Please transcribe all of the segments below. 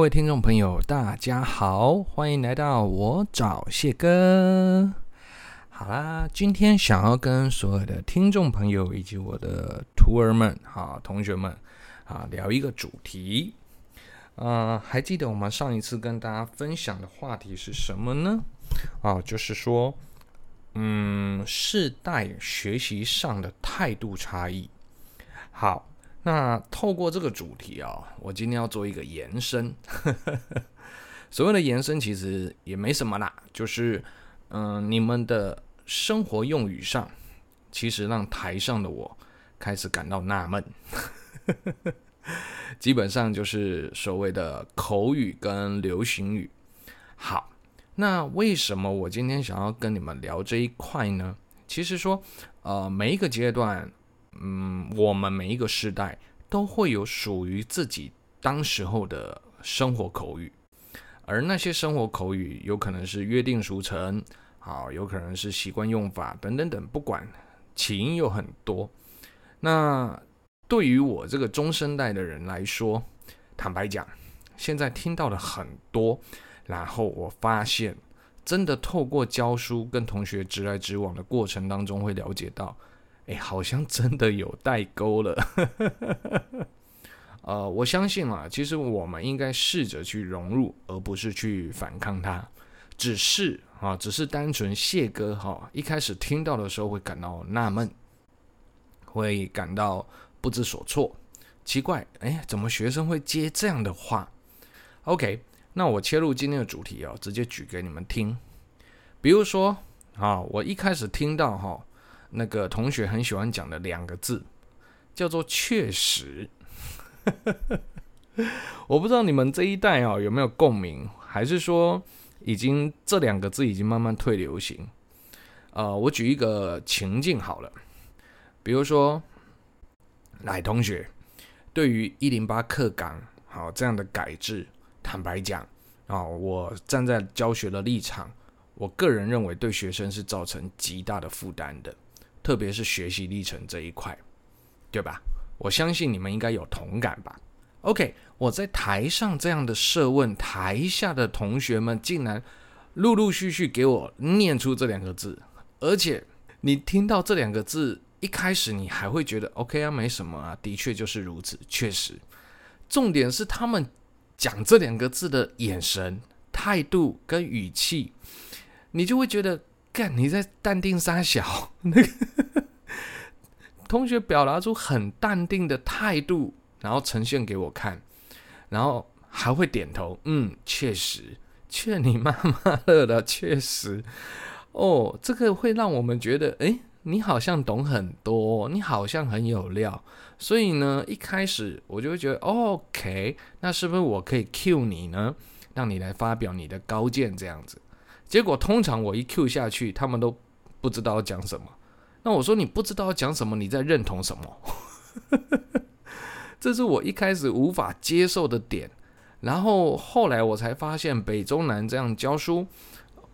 各位聽眾朋友，大家好，歡迎來到我找謝哥。好啦，今天想要跟所有的聽眾朋友以及我的徒兒們、啊同學們，啊聊一個主題。呃，還記得我們上一次跟大家分享的話題是什麼呢？啊，就是說，嗯，世代學習上的態度差異。好。那透過這個主題啊、哦，我今天要做一個延伸，呵呵呵，所謂的延伸其實也沒什麼啦，就是嗯、呃，你們的生活用語上，其實讓台上的我開始感到納悶，呵呵呵，基本上就是所謂的口語跟流行語。好，那為什麼我今天想要跟你們聊這一塊呢？其實說呃，每一個階段。嗯，我們每一個時代都會有屬於自己當時候的生活口語，而那些生活口語有可能是約定俗成，好，有可能是習慣用法等等等，不管起因有很多。那對於我這個中生代的人來說，坦白講，現在聽到了很多，然後我發現，真的透過教書跟同學直來直往的過程當中，會了解到。哎，好像真的有代溝了。 呃，我相信啊，其實我們應該試着去融入，而不是去反抗它。只是啊，只是單純謝哥哈，哦，一開始聽到的時候會感到納悶，會感到不知所措，奇怪，哎，怎麼學生會接這樣的話？OK，那我切入今天的主題哦，直接舉給你們聽。比如說啊，我一開始聽到哈。哦那個同學很喜歡講的兩個字，叫做“確實。” 我不知道你們這一代啊、哦、有沒有共鳴，還是說已經這兩個字已經慢慢退流行、呃？我舉一個情境好了，比如說，乃同學對於一零八課綱好、哦、這樣的改制，坦白講啊、哦，我站在教學的立場，我個人認為對學生是造成極大的負擔的。特別是學習歷程這一塊，對吧？我相信你們應該有同感吧。OK，我在台上這樣的設問，台下的同學們竟然陸陸續續給我念出這兩個字，而且你聽到這兩個字，一開始你還會覺得 OK 啊，沒什麼啊，的確就是如此，確實。重點是他們講這兩個字的眼神、態度跟語氣，你就會覺得，幹，你在淡定三小。那個 同學表達出很淡定的態度，然後呈現給我看，然後還會點頭，嗯，確實，確你媽媽樂的確實，哦，這個會讓我們覺得，哎，你好像懂很多，你好像很有料，所以呢，一開始我就會覺得，哦，OK，那是不是我可以 Q 你呢？讓你來發表你的高見這樣子？結果通常我一 Q 下去，他們都。不知道要講什麼，那我說你不知道要講什麼，你在認同什麼？ 這是我一開始無法接受的點。然後後來我才發現，北中南這樣教書，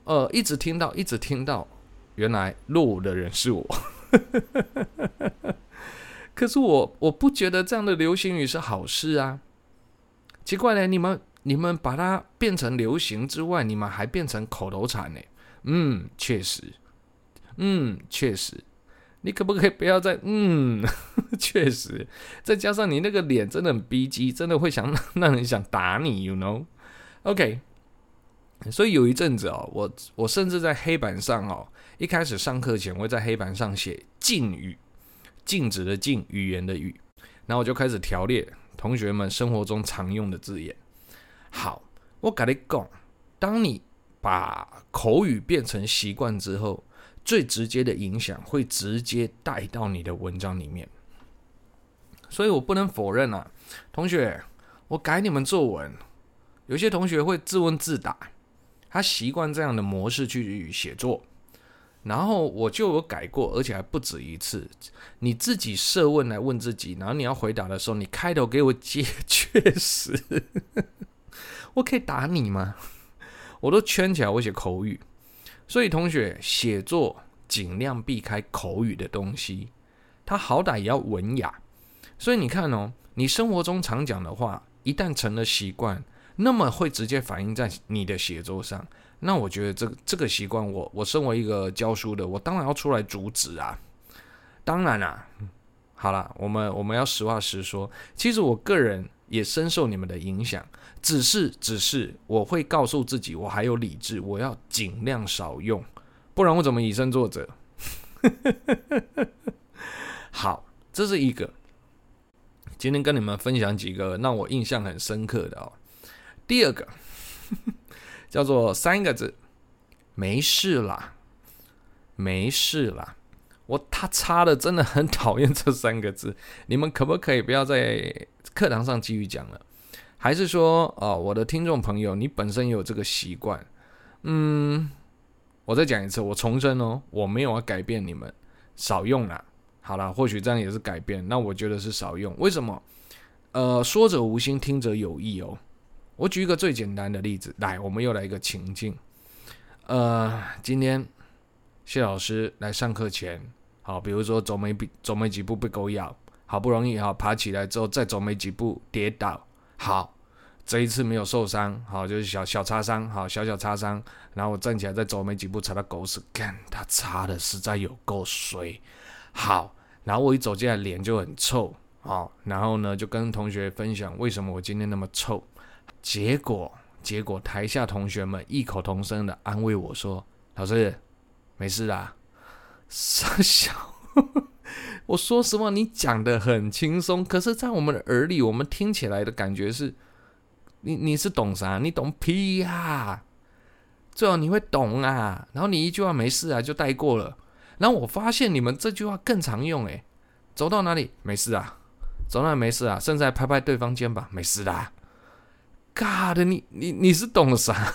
呃，一直聽到，一直聽到，原來落伍的人是我。 可是我我不覺得這樣的流行語是好事啊！奇怪嘞，你們你們把它變成流行之外，你們還變成口頭禪呢。嗯，確實。嗯，確實，你可不可以不要再嗯，確實，再加上你那個臉真的很逼急，真的會想讓人想打你，you know？OK，okay。所以有一陣子哦，我我甚至在黑板上哦，一開始上課前我會在黑板上寫禁語，禁止的禁，語言的語，然後我就開始條列同學們生活中常用的字眼。好，我跟你講，當你把口語變成習慣之後，最直接的影響會直接帶到你的文章裡面，所以我不能否認啊，同學，我改你們作文，有些同學會自問自答，他習慣這樣的模式去語語寫作，然後我就有改過，而且還不止一次。你自己設問來問自己，然後你要回答的時候，你開頭給我解，確實，呵呵，我可以打你嗎？我都圈起來，我寫口語。所以，同學寫作盡量避開口語的東西，它好歹也要文雅。所以你看哦，你生活中常講的話，一旦成了習慣，那麼會直接反映在你的寫作上。那我覺得這個這個習慣我，我我身為一個教書的，我當然要出來阻止啊。當然啦、啊，好了，我們我們要實話實說。其實我個人。也深受你們的影響，只是只是我會告訴自己，我還有理智，我要盡量少用，不然我怎麼以身作則？好，這是一個。今天跟你們分享幾個讓我印象很深刻的哦。第二個叫做三個字，沒事啦，沒事啦。我他插的真的很討厭這三個字，你們可不可以不要再？課堂上繼續講了，還是說哦，我的聽眾朋友，你本身有這個習慣，嗯，我再講一次，我重申哦，我沒有要改變你們，少用啦。好啦，或許這樣也是改變，那我覺得是少用。為什麼？呃，說者無心，聽者有意哦。我舉一個最簡單的例子來，我們又來一個情境，呃，今天謝老師來上課前，好，比如說走沒走沒幾步被狗咬。好不容易哈、哦、爬起來之後，再走沒幾步跌倒。好，這一次沒有受傷，好，就是小小擦傷，好小小擦傷，然後我站起來再走沒幾步，踩到狗屎。幹，他擦的實在有夠水，好，然後我一走進來臉就很臭啊，然後呢就跟同學分享為什麼我今天那麼臭，結果結果台下同學們異口同聲的安慰我說，老師沒事啦。傻笑。我說實話，你講得很輕鬆，可是，在我們耳裡，我們聽起來的感覺是，你你是懂啥？你懂屁呀！最好你會懂啊，然後你一句話沒事啊就帶過了。然後我發現你們這句話更常用誒，誒走、啊、走到哪裡沒事啊，走到哪沒事啊，甚至拍拍對方肩膀，沒事的、啊。God，你你你是懂啥？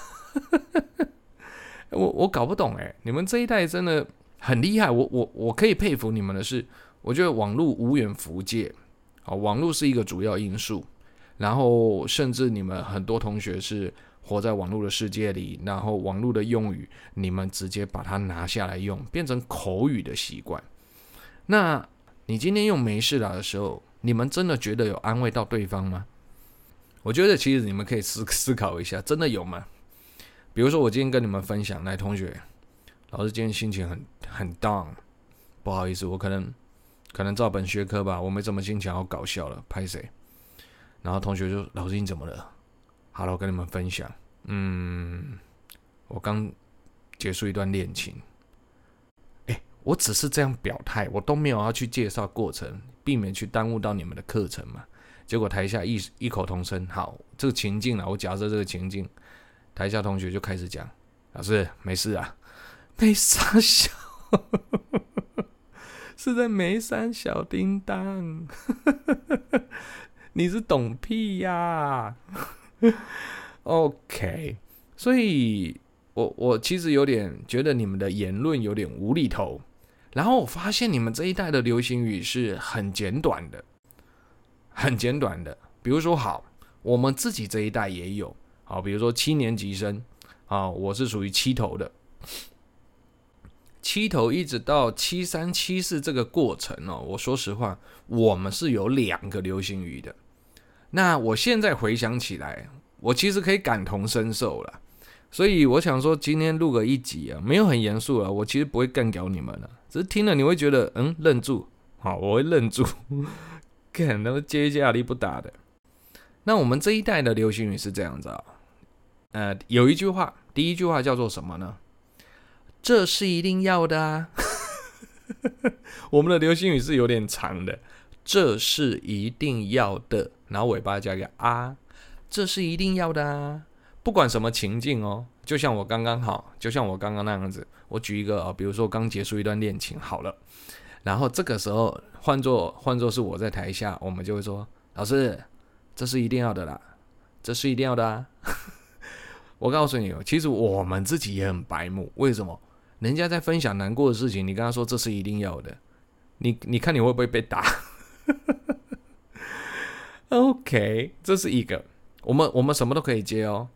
我我搞不懂誒，你們這一代真的很厲害，我我我可以佩服你們的是。我覺得網絡無遠弗屆，啊，網絡是一個主要因素。然後，甚至你們很多同學是活在網絡的世界裡，然後網絡的用語，你們直接把它拿下來用，變成口語的習慣。那你今天用沒事啦的時候，你們真的覺得有安慰到對方嗎？我覺得其實你們可以思思考一下，真的有嗎？比如說，我今天跟你們分享，來，同學，老師今天心情很很 down，不好意思，我可能。可能照本宣科吧，我沒什麼心情，好搞笑了，拍誰？然後同學就，老師你怎麼了？好了，我跟你們分享，嗯，我剛結束一段戀情。哎，我只是這樣表態，我都沒有要去介紹過程，避免去耽誤到你們的課程嘛。結果台下異異口同聲，好，這個情境啊，我假設這個情境，台下同學就開始講，老師，沒事啊，沒啥笑。 是在眉山小叮當， 你是懂屁呀、啊、 ？OK，所以我我其實有點覺得你們的言論有點無厘頭。然後我發現你們這一代的流行語是很簡短的，很簡短的。比如說，好，我們自己這一代也有，啊，比如說七年級生，啊，我是屬於七頭的。七頭一直到七三七四這個過程哦，我說實話，我們是有兩個流行語的。那我現在回想起來，我其實可以感同身受了。所以我想說，今天錄個一集啊，沒有很嚴肅啊，我其實不會幹屌你們了，只是聽了你會覺得嗯愣，住，好，我會愣住，可 能接一接壓力不打的。那我們這一代的流行語是這樣子啊、哦，呃，有一句話，第一句話叫做什麼呢？這是一定要的啊！ 我們的流行語是有點長的，這是一定要的，然後尾巴加一個啊，這是一定要的啊！不管什麼情境哦，就像我剛剛好，就像我剛剛那樣子，我舉一個啊，比如說剛結束一段戀情，好了，然後這個時候換做換作是我在台下，我們就會說老師，這是一定要的啦，這是一定要的啊！我告訴你哦，其實我們自己也很白目，為什麼？人家在分享難過的事情，你跟他說這是一定要的，你你看你會不會被打 ？OK，這是一個，我們我們什麼都可以接哦。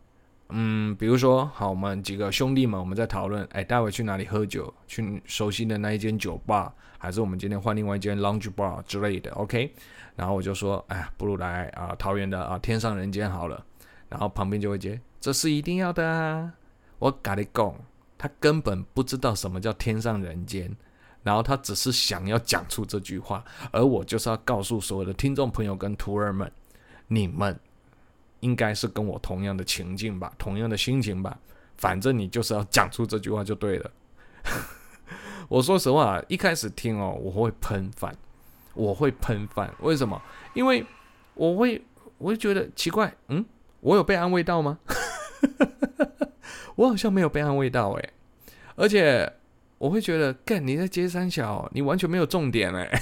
嗯，比如說，好，我們幾個兄弟們我們在討論，哎，待會去哪裡喝酒？去熟悉的那一間酒吧，還是我們今天換另外一間 lounge bar 之類的？OK，然後我就說，哎呀，不如來啊、呃，桃園的啊、呃，天上人間好了。然後旁邊就會接，這是一定要的啊，我咖喱貢。他根本不知道什麼叫天上人間，然後他只是想要講出這句話，而我就是要告訴所有的聽眾朋友跟徒兒們，你們應該是跟我同樣的情境吧，同樣的心情吧，反正你就是要講出這句話就對了。 我說實話，一開始聽哦，我會噴飯，我會噴飯，為什麼？因為我會，我會覺得奇怪，嗯，我有被安慰到嗎？ 我好像沒有被安慰到誒，而且我會覺得，幹你在講三小？你完全沒有重點哎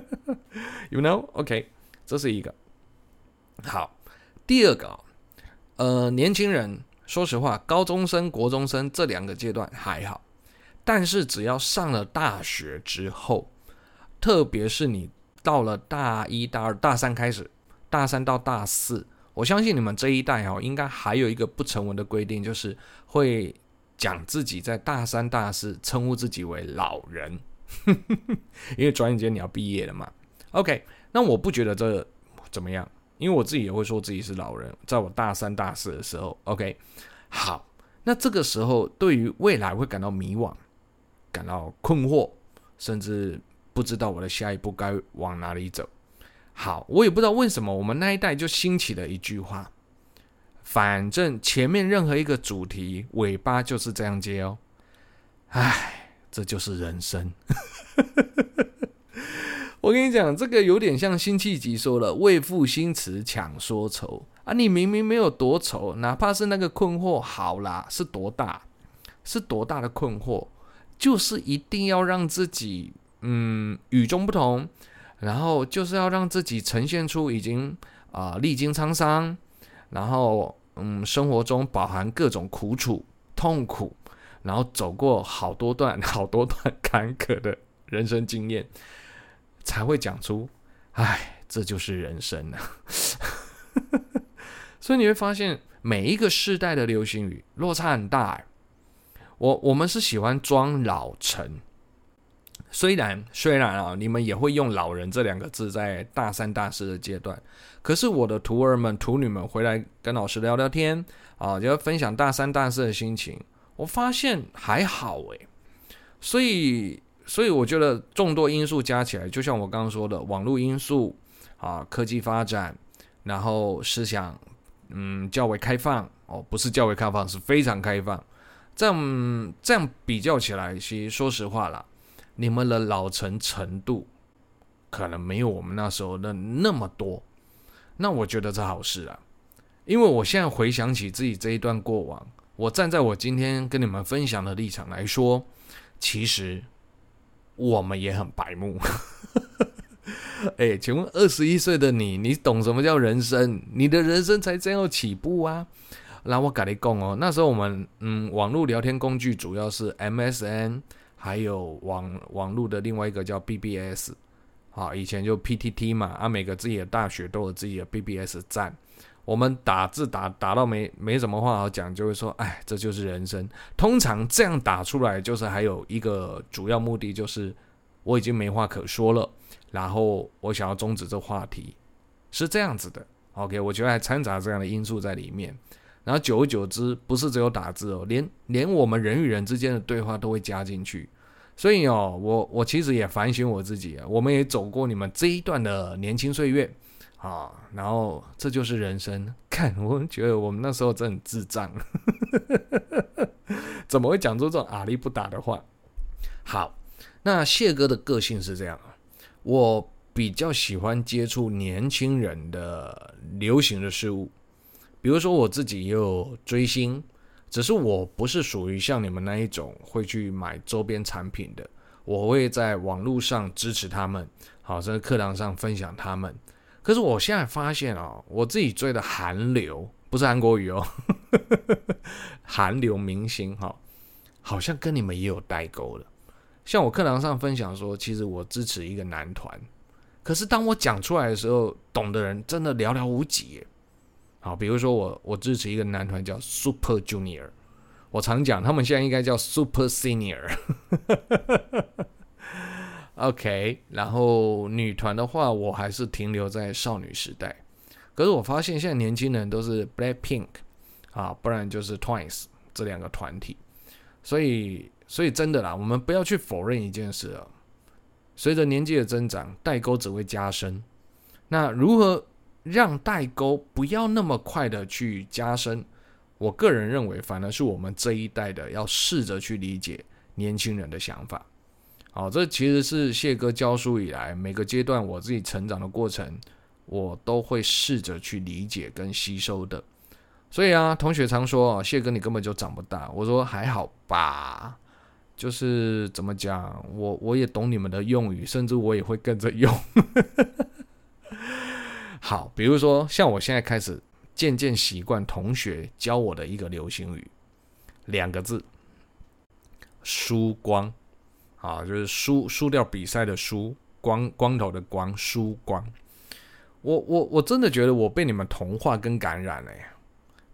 ，You know? OK，這是一個。好，第二個，哦，呃，年輕人，說實話，高中生、國中生這兩個階段還好，但是只要上了大學之後，特別是你到了大一、大二、大三開始，大三到大四。我相信你們這一代哦，應該還有一個不成文的規定，就是會講自己在大三、大四稱呼自己為老人， 因為轉眼間你要畢業了嘛。OK，那我不覺得這怎麼樣，因為我自己也會說自己是老人，在我大三、大四的時候。OK，好，那這個時候對於未來會感到迷惘，感到困惑，甚至不知道我的下一步該往哪裡走。好，我也不知道為什麼，我們那一代就興起了一句話，反正前面任何一個主題尾巴就是這樣接哦。唉，這就是人生。 我跟你講，這個有點像辛棄疾說的“為賦新詞強說愁”啊，你明明沒有多愁，哪怕是那個困惑，好啦，是多大，是多大的困惑，就是一定要讓自己嗯與眾不同。然後就是要讓自己呈現出已經啊、呃、歷經滄桑，然後嗯生活中飽含各種苦楚、痛苦，然後走過好多段好多段坎坷的人生經驗，才會講出哎這就是人生呢、啊。 所以你會發現每一個世代的流行語落差很大。我我們是喜歡裝老成。雖然雖然啊，你們也會用“老人”這兩個字，在大三、大四的階段，可是我的徒兒們、徒女們回來跟老師聊聊天啊，就要分享大三、大四的心情，我發現還好誒、欸，所以，所以我覺得眾多因素加起來，就像我剛剛說的，網絡因素啊，科技發展，然後思想嗯較為開放哦，不是較為開放，是非常開放。這樣這樣比較起來，其實說實話啦。你們的老成程度，可能沒有我們那時候的那麼多。那我覺得是好事啊，因為我現在回想起自己這一段過往，我站在我今天跟你們分享的立場來說，其實我們也很白目。哎， 請問二十一歲的你，你懂什麼叫人生？你的人生才正要起步啊！那我跟你說哦，那時候我們嗯，網絡聊天工具主要是 MSN。還有網網絡的另外一個叫 BBS，啊，以前就 PTT 嘛，啊，每個自己的大學都有自己的 BBS 站，我們打字打打到沒沒什麼話好講，就會說，哎，這就是人生。通常這樣打出來，就是還有一個主要目的，就是我已經沒話可說了，然後我想要終止這話題，是這樣子的。OK，我覺得還摻雜這樣的因素在裡面。然後久而久之，不是只有打字哦，連連我們人與人之間的對話都會加進去。所以哦，我我其實也反省我自己啊，我們也走過你們這一段的年輕歲月啊，然後這就是人生。看，我覺得我們那時候真的很智障， 怎麼會講出這種阿里不達的話？好，那謝哥的個性是這樣啊，我比較喜歡接觸年輕人的流行的事物。比如說我自己也有追星，只是我不是屬於像你們那一種會去買周邊產品的，我會在網絡上支持他們，好，在課堂上分享他們。可是我現在發現哦，我自己追的韓流不是韓國語哦， 韓流明星哈、哦，好像跟你們也有代溝了。像我課堂上分享說，其實我支持一個男團，可是當我講出來的時候，懂的人真的寥寥無幾。好，比如說我，我支持一個男團叫 Super Junior，我常講他們現在應該叫 Super Senior。 OK，然後女團的話，我還是停留在少女時代。可是我發現現在年輕人都是 Black Pink 啊，不然就是 Twice 這兩個團體。所以，所以真的啦，我們不要去否認一件事了：隨着年紀的增長，代溝只會加深。那如何？讓代溝不要那麼快的去加深，我個人認為，反而是我們這一代的要試着去理解年輕人的想法。好、哦，這其實是謝哥教書以來每個階段我自己成長的過程，我都會試着去理解跟吸收的。所以啊，同學常說啊，謝哥你根本就長不大。我說還好吧，就是怎麼講，我我也懂你們的用語，甚至我也會跟着用。 好，比如說像我現在開始漸漸習慣同學教我的一個流行語，兩個字，輸光，啊，就是輸輸掉比賽的輸，光光頭的光，輸光。我我我真的覺得我被你們同化跟感染嘞、哎。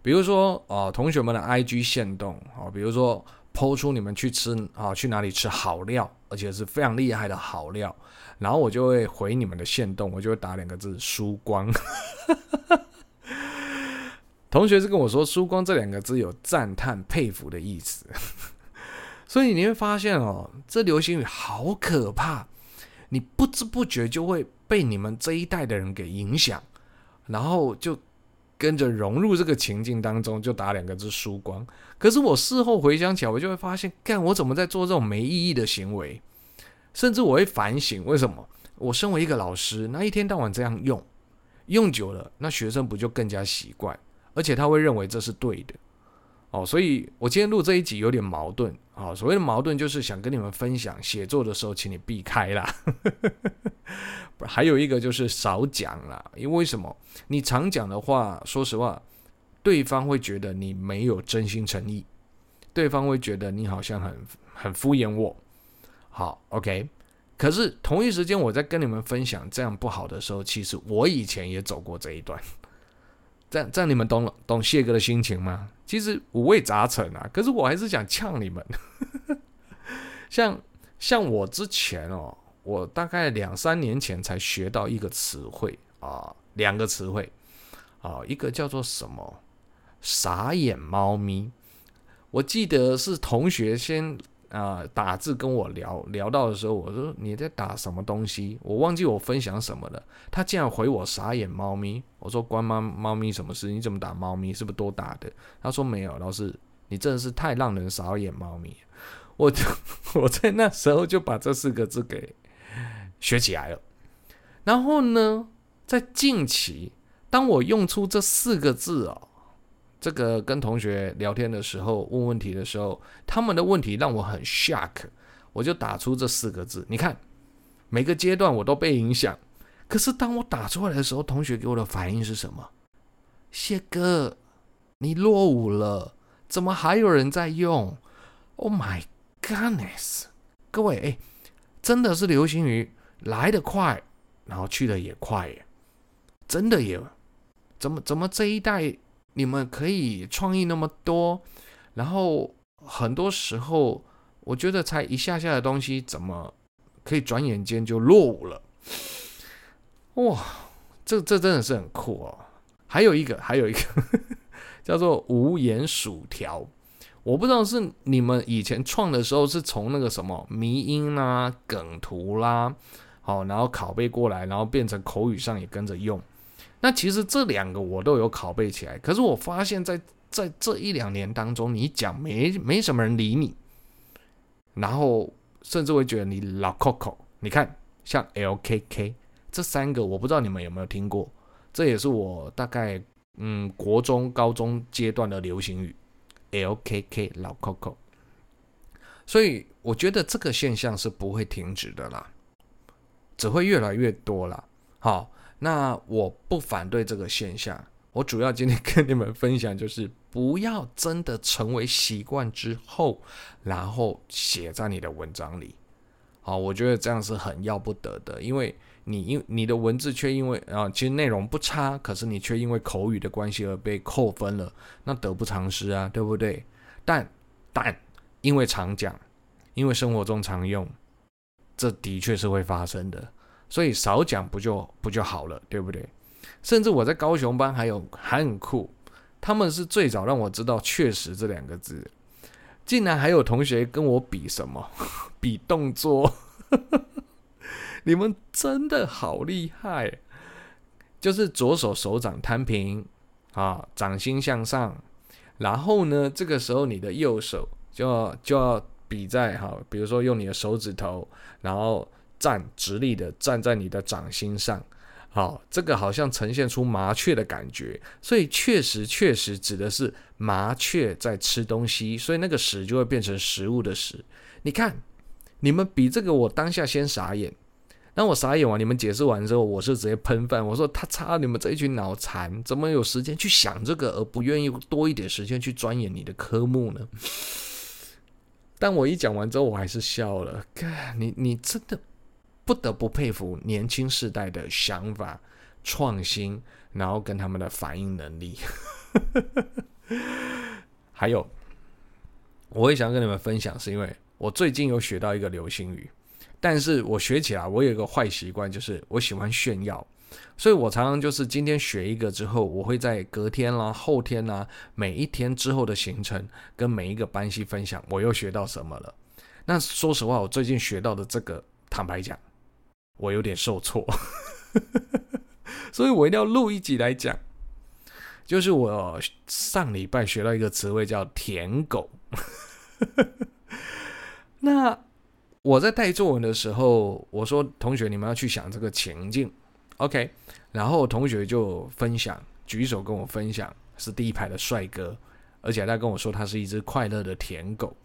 比如說啊、呃，同學們的 IG 限動啊，比如說 po 出你們去吃啊，去哪裡吃好料，而且是非常厲害的好料。然後我就會回你們的限動，我就會打兩個字“輸光。” 同學是跟我說“輸光”這兩個字有讚嘆、佩服的意思，所以你會發現哦，這流行語好可怕，你不知不覺就會被你們這一代的人給影響，然後就跟着融入這個情境當中，就打兩個字“輸光”。可是我事後回想起來，我就會發現，幹我怎麼在做這種沒意義的行為？甚至我會反省，為什麼我身為一個老師，那一天到晚這樣用，用久了，那學生不就更加習慣？而且他會認為這是對的，哦，所以我今天錄這一集有點矛盾啊，哦，所謂的矛盾就是想跟你們分享，寫作的時候請你避開啦。 不，還有一個就是少講啦，因為為什麼？你常講的話，說實話，對方會覺得你沒有真心誠意，對方會覺得你好像很很敷衍我。好，OK。可是同一時間，我在跟你們分享這樣不好的時候，其實我以前也走過這一段。這樣這樣，你們懂了懂謝哥的心情嗎？其實五味雜陳啊。可是我還是想嗆你們。 像像我之前哦，我大概兩三年前才學到一個詞彙啊，兩個詞彙啊，一個叫做什麼“傻眼貓咪”。我記得是同學先。啊、呃！打字跟我聊聊到的時候，我說你在打什麼東西？我忘記我分享什麼了。他竟然回我“傻眼貓咪”，我說關貓貓咪什麼事？你怎麼打貓咪？是不是多打的？他說沒有，老師，你真的是太讓人傻眼貓咪。我就我在那時候就把這四個字給學起來了。然後呢，在近期，當我用出這四個字哦。這個跟同學聊天的時候問問題的時候，他們的問題讓我很 shock，我就打出這四個字，你看每個階段我都被影響。可是當我打出來的時候，同學給我的反應是什麼？謝哥，你落伍了，怎麼還有人在用？Oh my goodness，各位哎，真的是流行語來得快，然後去得也快耶，真的有，怎麼怎麼這一代？你們可以創意那麼多，然後很多時候我覺得才一下下的東西，怎麼可以轉眼間就落伍了？哇，這這真的是很酷哦！還有一個，還有一個呵呵叫做“無言薯條”，我不知道是你們以前創的時候是從那個什麼迷因啦、啊、梗圖啦，好，然後拷貝過來，然後變成口語上也跟着用。那其實這兩個我都有拷貝起來，可是我發現在，在在這一兩年當中，你講沒沒什麼人理你，然後甚至會覺得你老扣扣。你看，像 LKK 這三個，我不知道你們有沒有聽過，這也是我大概嗯國中、高中階段的流行語，LKK 老扣扣。所以我覺得這個現象是不會停止的啦，只會越來越多了。好。那我不反對這個現象，我主要今天跟你們分享，就是不要真的成為習慣之後，然後寫在你的文章裡，好，我覺得這樣是很要不得的，因為你因你的文字卻因為啊，其實內容不差，可是你卻因為口語的關係而被扣分了，那得不償失啊，對不對？但但因為常講，因為生活中常用，這的確是會發生的。所以少講不就不就好了，對不對？甚至我在高雄班還有還很酷，他們是最早讓我知道“確實”這兩個字。竟然還有同學跟我比什麼，比動作， 你們真的好厲害！就是左手手掌攤平啊，掌心向上，然後呢，這個時候你的右手就就要比在哈，比如說用你的手指頭，然後。站直立的站在你的掌心上，好，這個好像呈現出麻雀的感覺，所以確實確實指的是麻雀在吃東西，所以那個實就會變成食物的食。你看，你們比這個我當下先傻眼，那我傻眼完，你們解釋完之後，我是直接噴飯，我說他擦，你們這一群腦殘，怎麼有時間去想這個，而不願意多一點時間去鑽研你的科目呢？但我一講完之後，我還是笑了，哥，你你真的。不得不佩服年輕世代的想法、創新，然後跟他們的反應能力。 還有，我也想跟你們分享，是因為我最近有學到一個流行語。但是我學起來，我有一個壞習慣，就是我喜歡炫耀，所以我常常就是今天學一個之後，我會在隔天啦、後天啦、每一天之後的行程，跟每一個班系分享我又學到什麼了。那說實話，我最近學到的這個，坦白講，我有點受挫， 所以我一定要錄一集來講。就是我上禮拜學到一個詞彙叫“舔狗 ”。那我在帶作文的時候，我說：“同學，你們要去想這個情境。” OK，然後同學就分享，舉手跟我分享，是第一排的帥哥，而且他跟我說他是一隻快樂的舔狗。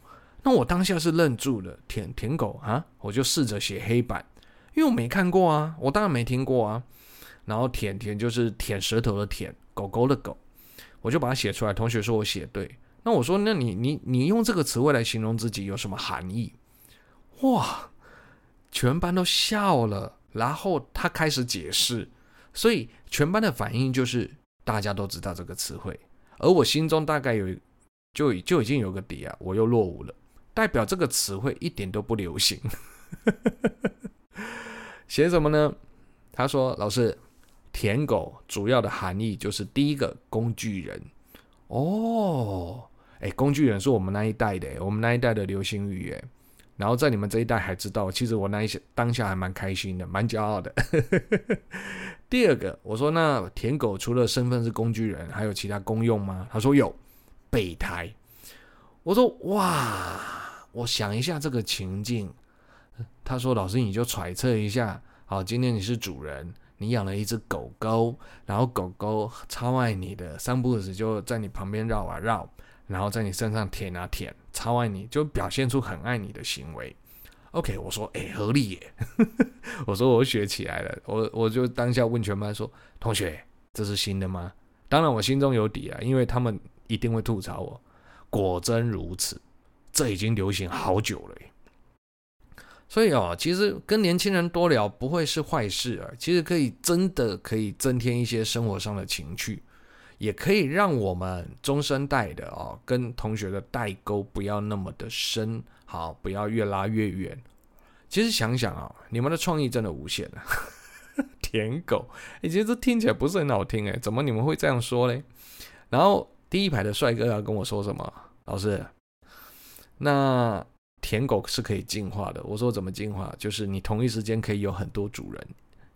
那我當下是愣住了，“舔舔狗啊！”我就試着寫黑板。因為我沒看過啊，我當然沒聽過啊。然後舔舔就是舔舌頭的舔，狗狗的狗，我就把它寫出來。同學說我寫對，那我說那你你你用這個詞彙來形容自己有什麼含義？哇！全班都笑了，然後他開始解釋，所以全班的反應就是大家都知道這個詞彙，而我心中大概有就就已經有個底啊，我又落伍了，代表這個詞彙一點都不流行。 寫什麼呢？他說：“老師，舔狗主要的含義就是第一個工具人哦，誒、欸、工具人是我們那一代的，我們那一代的流行語耶。然後在你們這一代還知道？其實我那一些當下還蠻開心的，蠻驕傲的。 第二個，我說那舔狗除了身份是工具人，還有其他功用嗎？他說有，備胎。我說哇，我想一下這個情境。”他說：“老師，你就揣測一下，好，今天你是主人，你養了一隻狗狗，然後狗狗超愛你的，三不五時就在你旁邊繞啊繞，然後在你身上舔啊舔，超愛你，就表現出很愛你的行為。” OK，我說：“欸，合理耶！” 我說：“我學起來了。”我我就當下問全班說：“同學，這是新的嗎？”當然我心中有底啊，因為他們一定會吐槽我。果真如此，這已經流行好久了。所以哦，其實跟年輕人多聊不會是壞事啊。其實可以真的可以增添一些生活上的情趣，也可以讓我們中生代的哦，跟同學的代溝不要那麼的深，好，不要越拉越遠。其實想想啊、哦，你們的創意真的無限了、啊，舔 狗。你、欸、其實這聽起來不是很好聽誒、欸。怎麼你們會這樣說嘞？然後第一排的帥哥要跟我說什麼，老師？那。舔狗是可以進化的。我說怎麼進化？就是你同一時間可以有很多主人，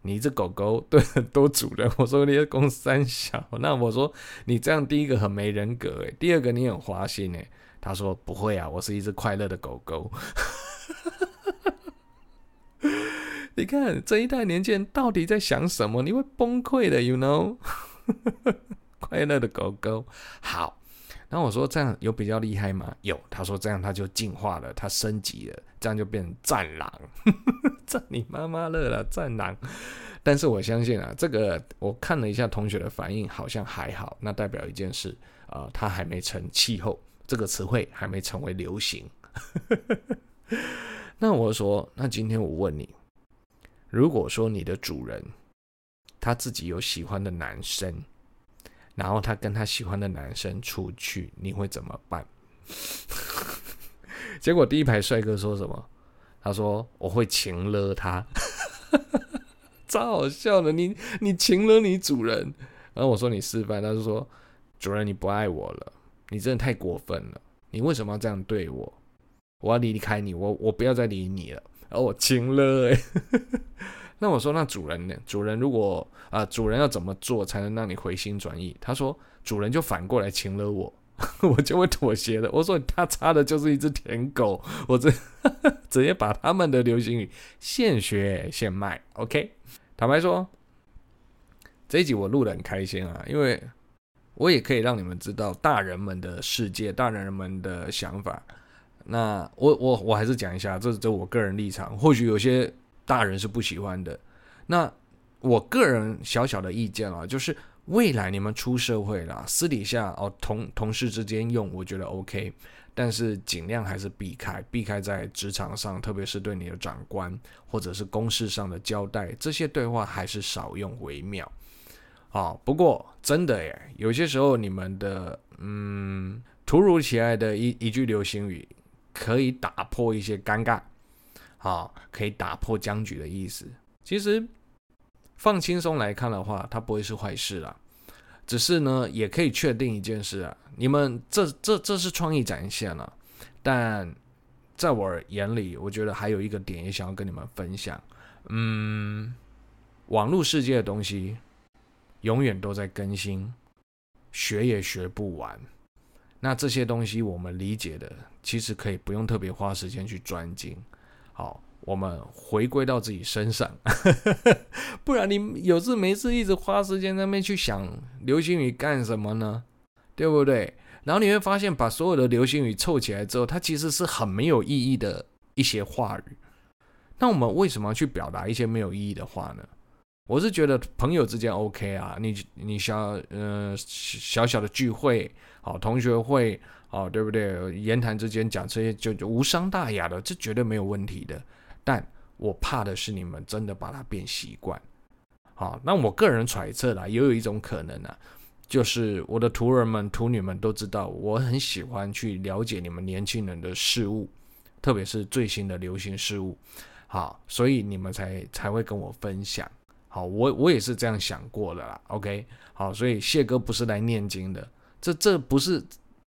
你這狗狗對很多主人。我說你供三小，那我說你這樣第一個很沒人格誒、欸，第二個你很花心誒、欸。他說不會啊，我是一隻快樂的狗狗。 你看這一代年輕人到底在想什麼？你會崩潰的，you know。 快樂的狗狗，好。然後我說：“這樣有比較厲害嗎？”有，他說：“這樣他就進化了，他升級了，這樣就變成戰狼。 ”戰你媽媽樂了，戰狼。但是我相信啊，這個我看了一下同學的反應，好像還好，那代表一件事啊，它、呃、還沒成氣候，這個詞彙還沒成為流行。 那我說，那今天我問你，如果說你的主人他自己有喜歡的男生。然後他跟他喜歡的男生出去，你會怎麼辦？ 結果第一排帥哥說什麼？他說我會擒了他， 超好笑的。你你擒了你主人，然後我說你示範，他就說主人你不愛我了，你真的太過分了，你為什麼要這樣對我？我要離離開你，我我不要再理你了，然後我擒了、欸，哎。 那我說，那主人呢？主人如果啊、呃，主人要怎麼做才能讓你回心轉意？他說，主人就反過來請了我，呵呵，我就會妥協的。我說他差的就是一隻舔狗，我這哈直接把他們的流行語現學現賣。OK，坦白說，這一集我錄的很開心啊，因為我也可以讓你們知道大人們的世界，大人們的想法。那我我我還是講一下，這是這我個人立場，或許有些。大人是不喜歡的，那我個人小小的意見啊，就是未來你們出社會啦，私底下哦同同事之間用，我覺得 OK，但是盡量還是避開，避開在職場上，特別是對你的長官或者是公事上的交代，這些對話還是少用為妙。啊、哦，不過真的耶，有些時候你們的嗯突如其來的一一句流行語，可以打破一些尷尬。啊，可以打破僵局的意思。其實放輕鬆來看的話，它不會是壞事啦啊，只是呢，也可以確定一件事啊，你們這這這是創意展現了啊。但在我眼裡，我覺得還有一個點也想要跟你們分享。嗯，網絡世界的東西永遠都在更新，學也學不完。那這些東西我們理解的，其實可以不用特別花時間去專精。好，我們回歸到自己身上， 不然你有事沒事一直花時間在那邊去想流行語幹什麼呢？對不對？然後你會發現，把所有的流行語湊起來之後，它其實是很沒有意義的一些話語。那我們為什麼要去表達一些沒有意義的話呢？我是覺得朋友之間 OK 啊，你你小呃小小的聚會，好同學會，好對不對？言談之間講這些就就無傷大雅的，這絕對沒有問題的。但我怕的是你們真的把它變習慣，好，那我個人揣測啦、啊，也有，有一種可能呢、啊，就是我的徒兒們、徒女們都知道，我很喜歡去了解你們年輕人的事物，特別是最新的流行事物，好，所以你們才才會跟我分享。好，我我也是這樣想過的啦。OK，好，所以謝哥不是來念經的，這這不是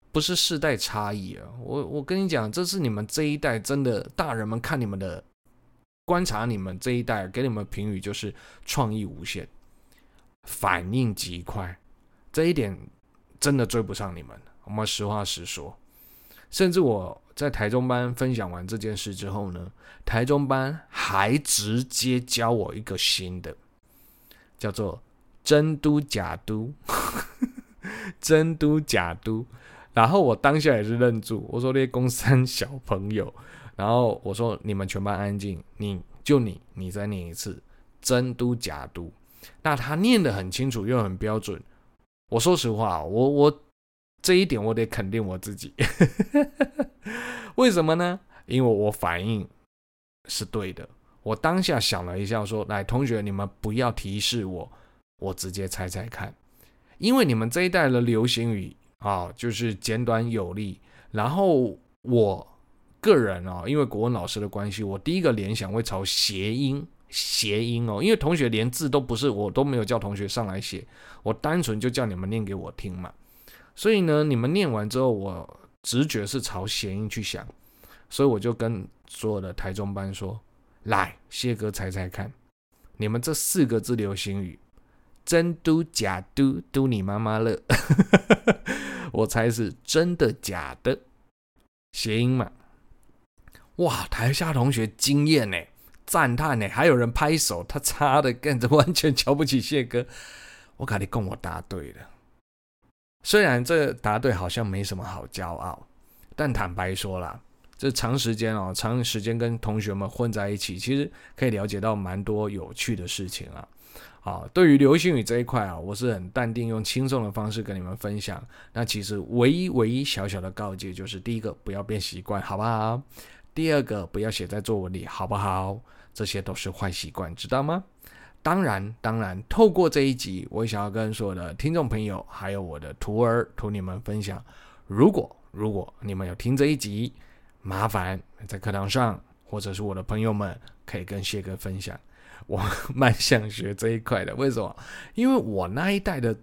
不是世代差異啊。我我跟你講，這是你們這一代真的大人們看你們的觀察，你們這一代給你們的評語就是創意無限，反應極快，這一點真的追不上你們。我們實話實說，甚至我在台中班分享完這件事之後呢，台中班還直接教我一個新的。叫做真嘟假嘟， 真嘟假嘟。然後我當下也是愣住，我說，那些公三小朋友，然後我說，你們全班安靜，你就你，你再念一次真嘟假嘟。那他念得很清楚又很標準。我說實話，我我這一點我得肯定我自己， 為什麼呢？因為我反應是對的。我當下想了一下，說：“來，同學，你們不要提示我，我直接猜猜看。因為你們這一代的流行語啊，就是簡短有力。然後我個人哦、啊，因為國文老師的關係，我第一個聯想會朝諧音，諧音哦。因為同學連字都不是，我都沒有叫同學上來寫，我單純就叫你們念給我聽嘛。所以呢，你們念完之後，我直覺是朝諧音去想，所以我就跟所有的台中班說。”來，謝哥猜猜看，你們這四個字流行語，真嘟假嘟嘟你媽媽樂， 我猜是真的假的，諧音嘛。哇，台下同學驚豔呢，讚嘆呢，還有人拍手，他差的更，完全瞧不起謝哥。我跟你說，我答對了，雖然這個答對好像沒什麼好驕傲，但坦白說啦。這長時間啊，長時間跟同學們混在一起，其實可以了解到蠻多有趣的事情啊。好、啊，對於流行語這一塊啊，我是很淡定，用輕鬆的方式跟你們分享。那其實唯一唯一小小的告誡就是：第一個，不要變習慣，好不好？第二個，不要寫在作文裡，好不好？這些都是壞習慣，知道嗎？當然，當然，透過這一集，我想要跟所有的聽眾朋友，還有我的徒兒、徒女們分享：如果如果你們有聽這一集，麻煩在課堂上，或者是我的朋友們可以跟謝哥分享。我蠻想學這一塊的，為什麼？因為我那一代的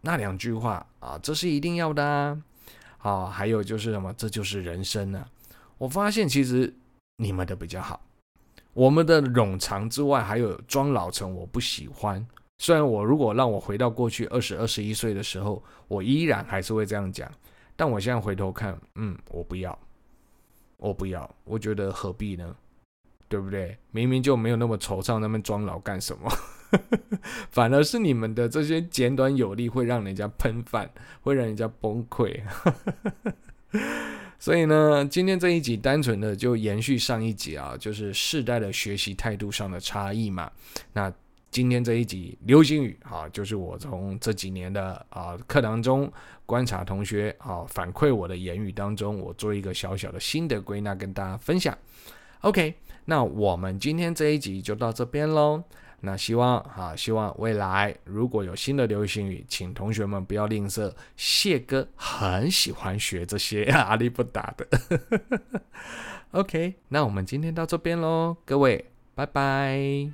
那兩句話啊，這是一定要的啊。好、啊，還有就是什麼？這就是人生呢、啊。我發現其實你們的比較好，我們的冗長之外，還有裝老成，我不喜歡。雖然我如果讓我回到過去二十、二十一歲的時候，我依然還是會這樣講，但我現在回頭看，嗯，我不要。我不要，我覺得何必呢？對不對？明明就沒有那麼惆悵，那麼裝老幹什麼？ 反而是你們的這些簡短有力，會讓人家噴飯，會讓人家崩潰。 所以呢，今天這一集單純的就延續上一集啊，就是世代的學習態度上的差異嘛。那。今天這一集流行語啊，就是我從這幾年的啊課堂中觀察同學啊反饋我的言語當中，我做一個小小的新的歸納跟大家分享。OK，那我們今天這一集就到這邊嘍。那希望啊，希望未來如果有新的流行語，請同學們不要吝嗇，謝哥很喜歡學這些阿里不達的。 OK，那我們今天到這邊嘍，各位，拜拜。